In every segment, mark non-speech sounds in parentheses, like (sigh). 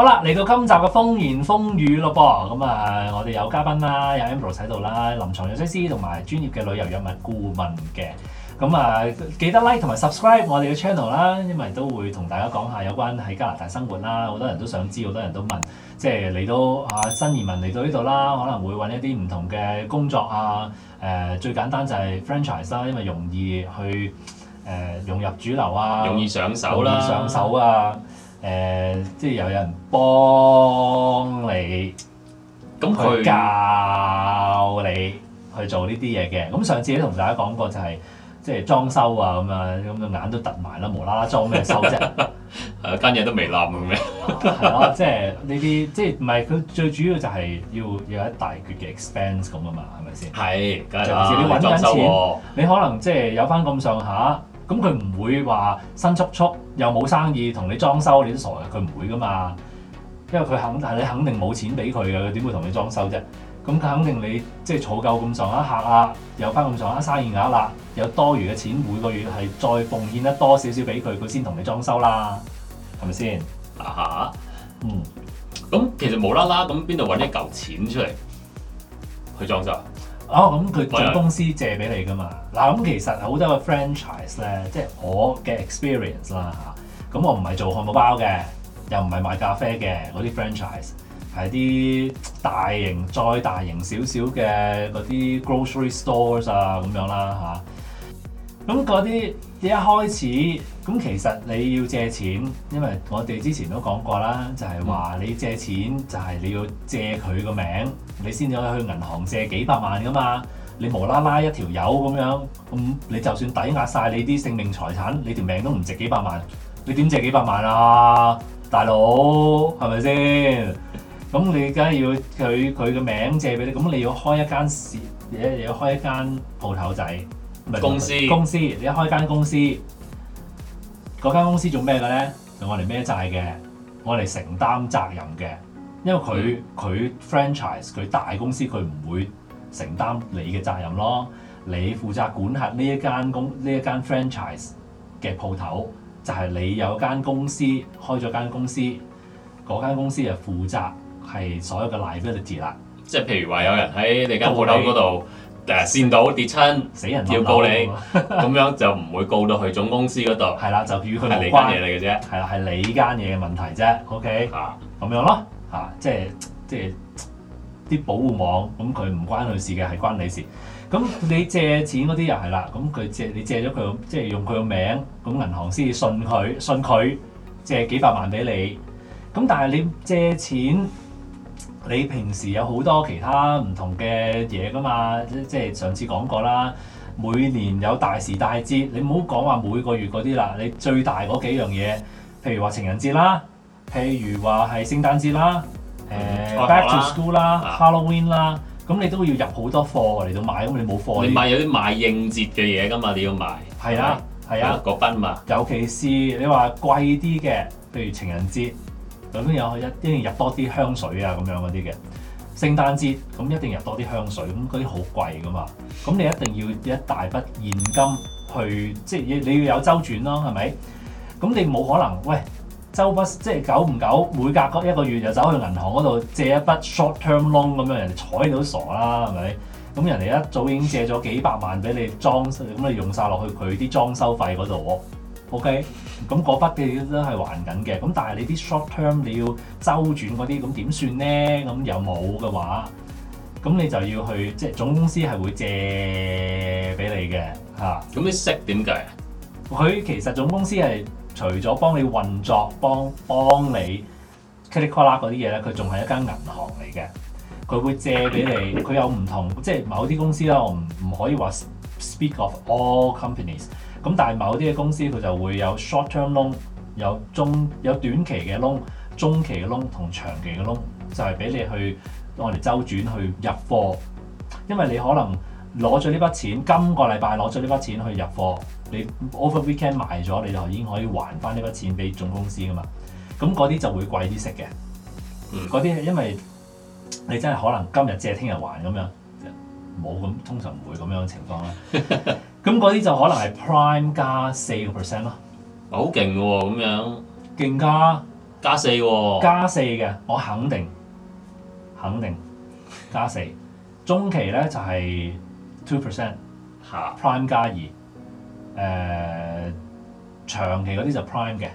好啦，嚟到今集嘅風言風語咯噃，咁啊，我哋有嘉賓啦，啊、有 Amber 喺度啦，臨床藥劑師同埋專業嘅旅遊藥物顧問嘅，咁啊，記得 like 同埋 subscribe 我哋嘅 channel 啦，因為都會同大家講下有關喺加拿大生活啦，好多人都想知，好多人都問，即係嚟到啊新移民嚟到呢度啦，可能會揾一啲唔同嘅工作啊，誒、呃，最簡單就係 franchise 啦，因為容易去誒、呃、融入主流啊，容易上手啦，容易上手啊。誒、呃，即係有人幫你，咁佢教你去做呢啲嘢嘅。咁、 (laughs) 嗯、她 上次咧同大家講過就係、是，即係裝修啊咁啊，咁隻眼都突埋啦，無啦啦裝咩修啫？誒，間嘢都未冧嘅咩？係啊，啊 (laughs) 即係呢啲，即係唔係佢最主要就係要有一大橛嘅 expense 咁啊嘛，係咪先？係、嗯，梗係你揾緊錢，你，你可能即係有翻咁上下。咁佢唔會話新速速又冇生意同你裝修，你都傻嘅，佢唔會㗎嘛。因為佢肯，你肯定冇錢俾佢嘅，佢點會同你裝修啫？咁佢肯定你即係儲夠咁上下客啊，有翻咁上下生意額啦，有多餘嘅錢，每個月係再貢獻得多少少俾佢，佢先同你裝修啦，係咪先？啊嚇，嗯。咁其實無啦啦，咁邊度揾一嚿錢出嚟去裝修？哦，咁佢總公司借俾你噶嘛？嗱對，咁其實好多個 franchise 咧，即係我嘅 experience 啦嚇。咁我唔係做漢堡包嘅，又唔係賣咖啡嘅嗰啲 franchise，係啲大型再大型少少嘅嗰啲 grocery stores 啊咁樣啦吓。咁嗰啲一開始，咁其實你要借錢，因為我哋之前都講過啦，就係話你借錢就係你要借佢個名，你先至可以去銀行借幾百萬噶嘛。你無啦啦一條友咁樣，咁你就算抵押晒你啲性命財產，你條命都唔值幾百萬，你點借幾百萬啊？大佬係咪先？咁你梗係要佢佢個名借俾你，咁你要開一間事，你你要開一間鋪頭仔。公司公司，你一開間公司，嗰間公司做咩嘅咧？就我嚟孭債嘅，我嚟承擔責任嘅。因為佢佢、嗯、franchise，佢大公司佢唔會承擔你嘅責任咯。你負責管轄呢一間公呢一間 franchise 嘅鋪頭，就係、是、你有間公司開咗間公司，嗰間公，公司就負責係所有嘅 liability 啦。即係譬如話，有人喺你間鋪頭嗰度。誒線到跌親，死人要告你，咁 (laughs) 樣就唔會告到去總公司嗰度。係啦， (laughs) 就與佢冇關。 (laughs) 係你間嘢嚟嘅啫。係啦，係你間嘢嘅問題啫。OK，啊，咁樣咯，啊，即係即係啲保護網，咁佢唔關佢事嘅，係關你事。咁你借錢嗰啲又係啦，咁佢借你借咗佢，即係用佢個名，咁銀行先至信佢，信佢借幾百萬俾你。咁但係你借錢。你平時有好多其他唔同嘅嘢噶嘛，即係上次講過啦。每年有大時大節，你唔好講話每個月嗰啲啦。你最大嗰幾樣嘢，譬如話情人節啦，譬如話係聖誕節啦，誒、嗯呃、Back to School 啦、啊、Halloween 啦，咁你都要入好多貨嚟到買，因為你冇貨。你買有啲賣應節嘅嘢噶嘛，你要買。係啦，係啊，個賓嘛。尤其是你話貴啲嘅，譬如情人節，咁都有一，一定要入多啲香水啊，咁樣嗰啲嘅。聖誕節咁一定入多啲香水，咁嗰啲好貴噶嘛。咁你一定要一大筆現金去，即係你要有周轉咯，係、嗯、咪？咁你冇可能喂，周不時即係久唔久，每隔一個月就走去銀行嗰度借一筆 short term loan 咁樣，人哋睬你都傻啦，係、嗯、咪？咁人哋一早已經借咗幾百萬俾你裝修，咁、嗯、你用晒落去佢啲裝修費嗰度喎。OK，咁嗰筆嘅都係還緊嘅。咁但係你啲 short term 你要周轉嗰啲，咁點算咧？咁有冇嘅話，咁你就要去即係總公司係會借俾你嘅嚇。咁啲息點計啊？佢其實總公司係除咗幫你運作，幫幫你 clicker 啦嗰啲嘢咧，佢仲係一間銀行嚟嘅。佢會借俾你，佢有唔同即係某啲公司啦，我唔唔可以話 speak of all companies。咁但係某啲嘅公司佢就會有 short term loan 有中有短期嘅 loan、中期嘅 loan 同長期嘅 loan，就係俾你去我哋周轉去入貨。因為你可能攞咗呢筆錢，今個禮拜攞咗呢筆錢去入貨，你 over weekend 賣咗，你就已經可以還翻呢筆錢俾總公司噶嘛。咁嗰啲就會貴啲息嘅。嗰啲因為你真係可能今日借，聽日還咁樣，冇咁通常唔會咁樣嘅情況啦。 (laughs) 咁嗰啲就可能係 prime 加四個 percent 咯，好勁嘅喎咁樣，勁加加四喎、哦，加四嘅，我肯定肯定加四，中期咧就係、是、two percent，prime、啊、加二，誒、呃、長期嗰啲就 prime 嘅，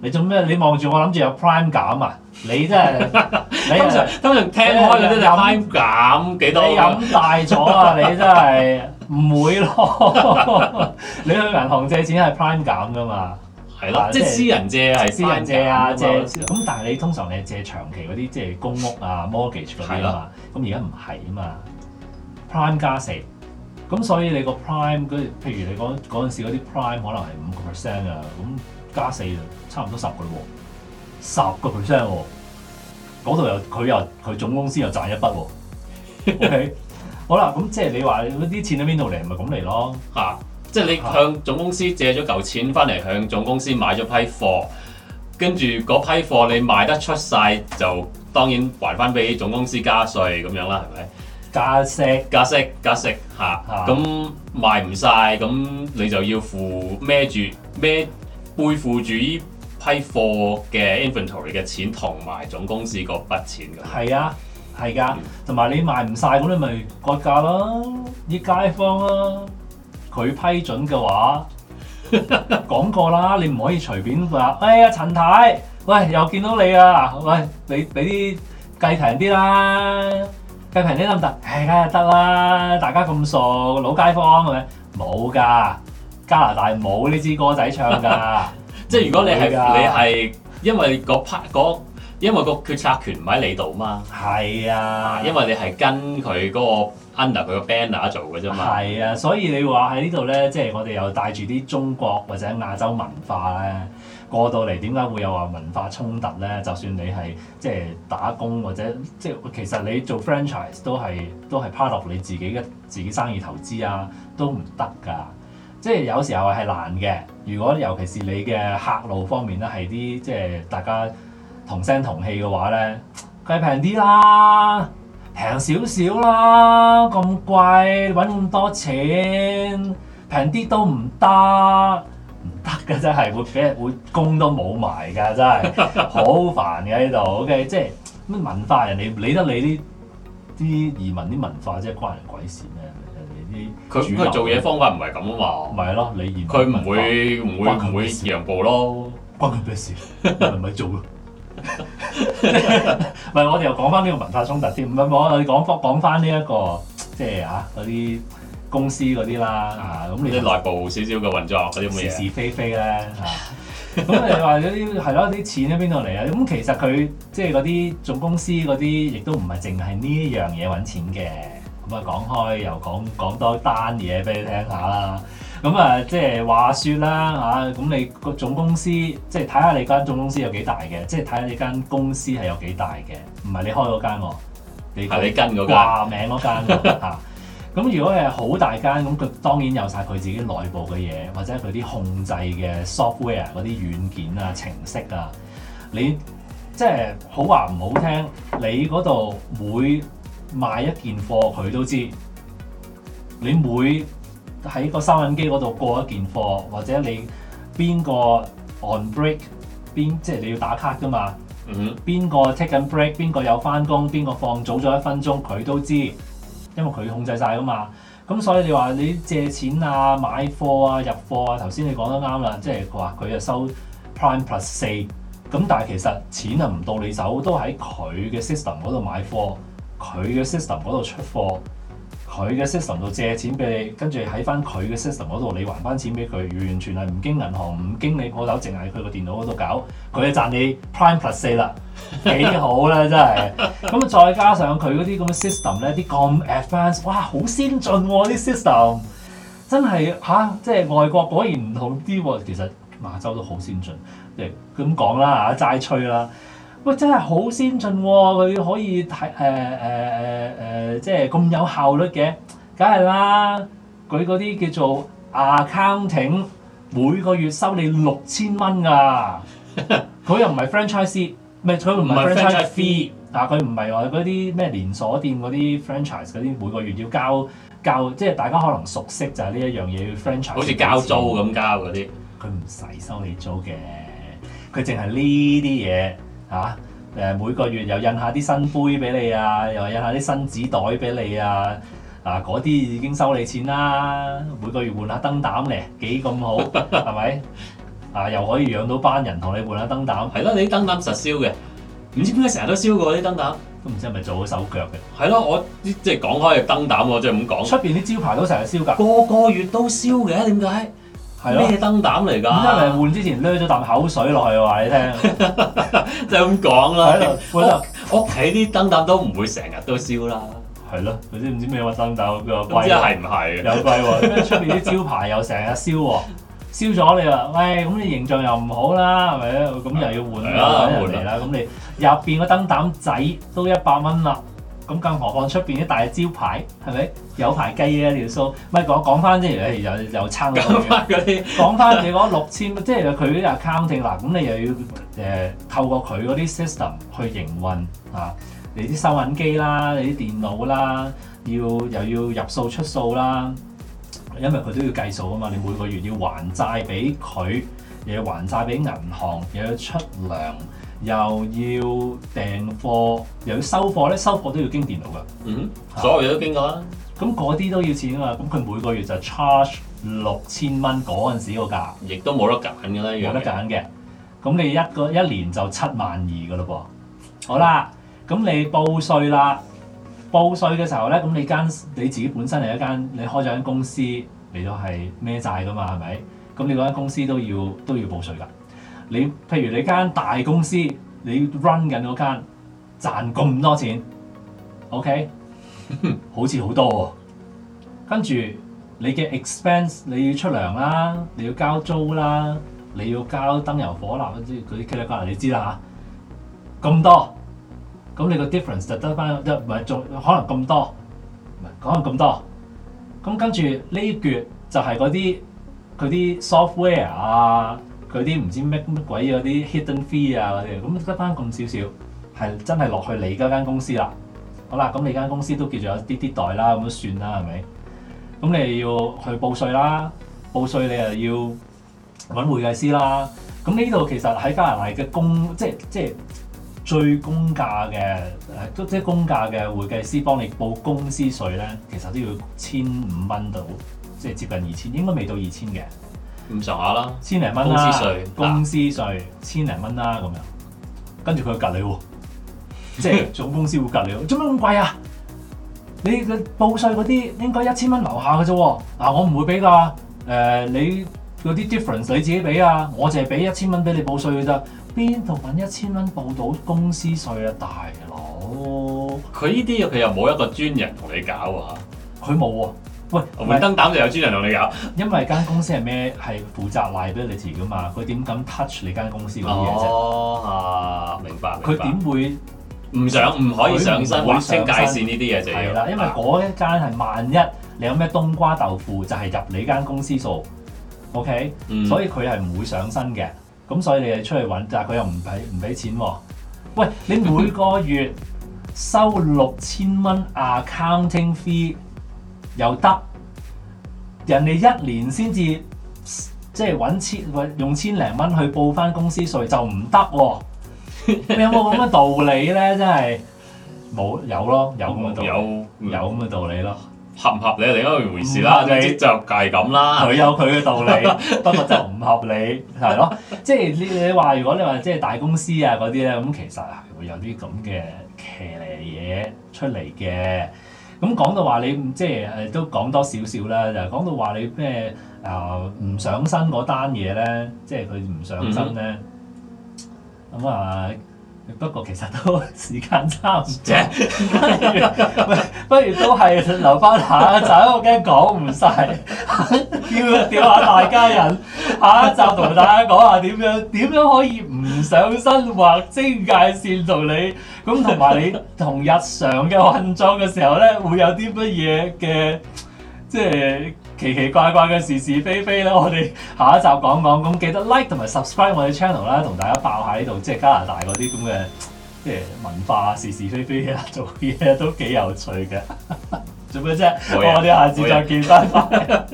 你做咩？你望住我諗住有 prime 減啊？你真係，通常、就是、通常聽開嗰啲就 prime 減幾多？你飲大咗啊！你真係。唔會咯，你去銀行借錢係 prime 減噶嘛？係咯、啊，即係私人借啊，私人借啊借。咁、啊、但係你通常你係借長期嗰啲，即係公屋啊 mortgage 嗰啲啊嘛。咁而家唔係啊嘛，prime 加四。咁所以你個 prime 譬如你講嗰陣時嗰啲 prime 可能係五個 percent 啊，咁加四就差唔多十個喎，十個 percent 喎。嗰度、哦、又佢又佢總公司又賺一筆喎、哦。Okay? 好啦，咁即係你話嗰啲錢喺邊度嚟？咪咁嚟咯，嚇、啊！即係你向總公司借咗嚿錢翻嚟，向總公司買咗批貨，跟住嗰批貨你賣得出晒，就當然還翻俾總公司加稅咁樣啦，係咪？加息值？加息加息嚇！咁、啊啊、賣唔晒，咁你就要付孭住孭背負住依批貨嘅 inventory 嘅錢同埋總公司嗰筆錢㗎喇。係啊。係噶，同埋你賣唔晒咁你咪割價咯，啲街坊咯，佢批准嘅話 (laughs) 講過啦，你唔可以隨便話，哎呀陳太，喂又見到你啊，喂你俾啲計平啲啦，計平啲得唔得？誒梗係得啦，大家咁熟，老街坊係咪？冇噶，加拿大冇呢支歌仔唱噶， (laughs) 即係如果你係你係因為嗰 part、那個因為個決策權唔喺你度嘛，係啊，因為你係跟佢嗰個 under 佢個 banner 做嘅啫嘛，係啊，所以你話喺呢度咧，即係我哋又帶住啲中國或者亞洲文化咧過到嚟，點解會有話文化衝突咧？就算你係即係打工或者即係其實你做 franchise 都係都係 part of 你自己嘅自己生意投資啊，都唔得㗎。即係有時候係難嘅。如果尤其是你嘅客路方面咧，係啲即係大家。同聲同氣嘅話咧，梗係平啲啦，平少少啦，咁貴揾咁多錢，平啲都唔得，唔得嘅真係會俾人會攻都冇埋嘅真係，好煩嘅喺度。OK，即係乜文化人哋理得你啲啲移民啲文化即係，關人鬼事咩？人哋啲佢本來做嘢方法唔係咁啊嘛，唔係咯，你移民佢唔會唔會唔會讓步咯？關佢咩事？唔咪做唔係， (laughs) 我哋又講翻呢個文化衝突先。唔係，我我哋講講翻呢一個即係啊嗰啲公司嗰啲啦啊咁，你啲內部少少嘅運作嗰啲是是非非咧啊。咁你話嗰啲係咯啲錢喺邊度嚟啊？咁其實佢即係嗰啲總公司嗰啲，亦都唔係淨係呢樣嘢揾錢嘅。咁啊，講開又講講多單嘢俾你聽下啦。咁啊，即係話說啦，嚇咁你個總公司，即係睇下你間總公司有幾大嘅，即係睇下你間公司係有幾大嘅，唔係你開嗰間喎、哦，係你、嗰個、你跟嗰、嗰個、間，話名嗰間嚇。咁如果係好大間，咁佢當然有晒佢自己內部嘅嘢，或者佢啲控制嘅 software 嗰啲軟件啊程式啊，你即係好話唔好聽，你嗰度每賣一件貨，佢都知，你每。喺個收銀機嗰度過一件貨，或者你邊個 on break，邊即係你要打卡㗎嘛？邊個 take 緊 break，邊個有翻工，邊個放早咗一分鐘，佢都知，因為佢控制晒㗎嘛。咁所以你話你借錢啊、買貨啊、入貨啊，頭先你講得啱啦，即係佢話佢就收 Prime Plus 四，咁但係其實錢係唔到你手，都喺佢嘅 system 嗰度買貨，佢嘅 system 嗰度出貨。佢嘅 system 度借錢俾你，跟住喺翻佢嘅 system 嗰度，你還翻錢俾佢，完全係唔經銀行、唔經你鋪頭，淨係佢個電腦嗰度搞，佢就賺你 Prime Plus 四啦，幾好咧、啊、真係。咁 (laughs) 再加上佢嗰啲咁嘅 system 咧，啲咁 advanced 哇，好先進喎、啊！啲 system 真係嚇、啊，即係外國果然唔同啲，其實馬洲都好先進，即係咁講啦嚇，齋吹啦。喂，真係好先進喎、啊！佢可以睇誒誒誒誒，即係咁有效率嘅，梗係啦！佢嗰啲叫做 accounting，每個月收你六千蚊㗎！佢又唔係 franchise，唔係佢唔係 franchise fee，但係佢唔係話嗰啲咩連鎖店嗰啲 franchise 嗰啲，每個月要交交，即係大家可能熟悉就係呢一樣嘢，franchise 好似交租咁交嗰啲，佢唔使收你租嘅，佢淨係呢啲嘢。嚇！誒、啊、每個月又印下啲新杯俾你啊，又印下啲新紙袋俾你啊，嗱嗰啲已經收你錢啦。每個月換下燈膽咧幾咁好，係咪？ (laughs) 啊，又可以養到班人同你換下燈膽。係咯、 (laughs) 啊，你燈膽實燒嘅，唔知點解成日都燒過啲燈膽，都唔知係咪做好手腳嘅。係咯， (laughs) 我即係講開燈膽我即係咁講。出邊啲招牌都成日燒㗎，個個月都燒嘅，點解？係咩燈膽嚟㗎？因嚟換之前，掠咗啖口水落去， (laughs) (laughs) 我話你聽，就咁講啦。屋屋企啲燈膽都唔會成日都燒啦。係咯，嗰啲唔知咩乜燈膽，唔知係唔係？又貴喎，出邊啲招牌又成日燒喎， (laughs) 燒咗你又，喂，咁你形象又唔好啦，係咪啊？咁又要換啦，嚟啦。咁你入邊個燈膽仔都一百蚊啦。咁更何況出邊啲大招牌，係咪有排計咧？條數咪講講翻即而家又又撐嗰啲，講翻你講六千，即係佢啲 accounting 嗱，咁你又要誒、呃、透過佢嗰啲 system 去營運啊，你啲收銀機啦，你啲電腦啦，要又要入數出數啦，因為佢都要計數啊嘛，你每個月要還債俾佢，又要還債俾銀行，又要出糧。又要訂貨，又要收貨咧，收貨都要經電腦㗎。嗯，好所有嘢都經過啦。咁嗰啲都要錢啊嘛。咁佢每個月就 charge 六千蚊嗰陣時個價，亦都冇得揀㗎啦。冇、嗯、得揀嘅。咁你一個一年就七萬二㗎嘞噃。好啦，咁、嗯、你報稅啦。報稅嘅時候咧，咁你間你自己本身係一間你開咗間公司，你都係孭債㗎嘛，係咪？咁你嗰間公司都要都要，都要報稅㗎。你譬如你間大公司，你 run 緊嗰間賺咁多錢，OK， (laughs) 好似好多喎、啊。跟住你嘅 expense，你要出糧啦，你要交租啦，你要交燈油火蠟嗰啲，佢茄哩噶，你知啦嚇。咁、啊、多，咁你個 difference 就得翻一，唔係仲可能咁多，唔係可能咁多。咁跟住呢橛就係嗰啲佢啲 software 啊。佢啲唔知咩乜鬼嗰啲 hidden fee 啊嗰啲，咁得翻咁少少，係真係落去你間公司啦。好啦，咁你間公司都叫做有啲啲袋啦，咁都算啦，係咪？咁你要去報稅啦，報稅你又要揾會計師啦。咁呢度其實喺加拿大嘅公，即係即係最公價嘅，即係公價嘅會計師幫你報公司稅咧，其實都要千五蚊到，即係接近二千，應該未到二千嘅。咁上下啦，千零蚊啦，公司稅，公司稅，千零蚊啦咁樣，跟住佢嘅隔籬， (laughs) 即係總公司會隔籬，做咩咁貴啊？你嘅報稅嗰啲應該一千蚊樓下嘅啫，嗱、啊、我唔會俾噶，誒、呃、你嗰啲 difference 你自己俾啊，我淨係俾一千蚊俾你報稅嘅咋。邊度搵一千蚊報到公司稅啊大佬？佢呢啲佢又冇一個專人同你搞啊，佢冇啊。喂，換燈膽就有專人同你搞。因為間公司係咩？係負責 liability 噶嘛。佢點敢 touch 你間公司嗰啲嘢啫？哦，明白明白。佢點會唔想唔可以上身，上身或者界線呢啲嘢就要。係啦，因為嗰一間係萬一你有咩冬瓜豆腐就係、是、入你間公司數，OK？、嗯、所以佢係唔會上身嘅。咁所以你哋出去揾，但係佢又唔俾唔俾錢、啊。喂，你每個月收六千蚊 accounting fee。又得，人哋一年先至即係揾千用千零蚊去報翻公司稅就唔得喎，啊、你有冇咁嘅道理咧？真係冇有，有咯，有咁嘅道理？嗯、有有咁嘅道理咯，合唔合理係另一回事啦。即佢就係咁啦，佢有佢嘅道理， (laughs) 不過就唔合理係咯。即係你你話如果你話即係大公司啊嗰啲咧，咁其實係、啊、會有啲咁嘅騎呢嘢出嚟嘅。咁講到話你即係誒都講多少少啦，就係講到話你咩啊唔上身嗰單嘢咧，即係佢唔上身咧，咁、mm hmm. 啊～不過其實都時間差唔多 (laughs) 不如，不如都係留翻下，下一集，我驚講唔晒，叫叫下大家人下一集同大家講下點樣點樣可以唔上身或清界線同你，咁同埋你同日常嘅運作嘅時候呢，會有啲乜嘢嘅即係。奇奇怪怪嘅是是非非啦，我哋下一集講一講，咁記得 like 同埋 subscribe 我哋 channel 啦，同大家爆下呢度，即係加拿大嗰啲咁嘅即係文化是是非非啊，做嘢都幾有趣嘅， (laughs) 做咩啫麼？人我哋下次再見翻。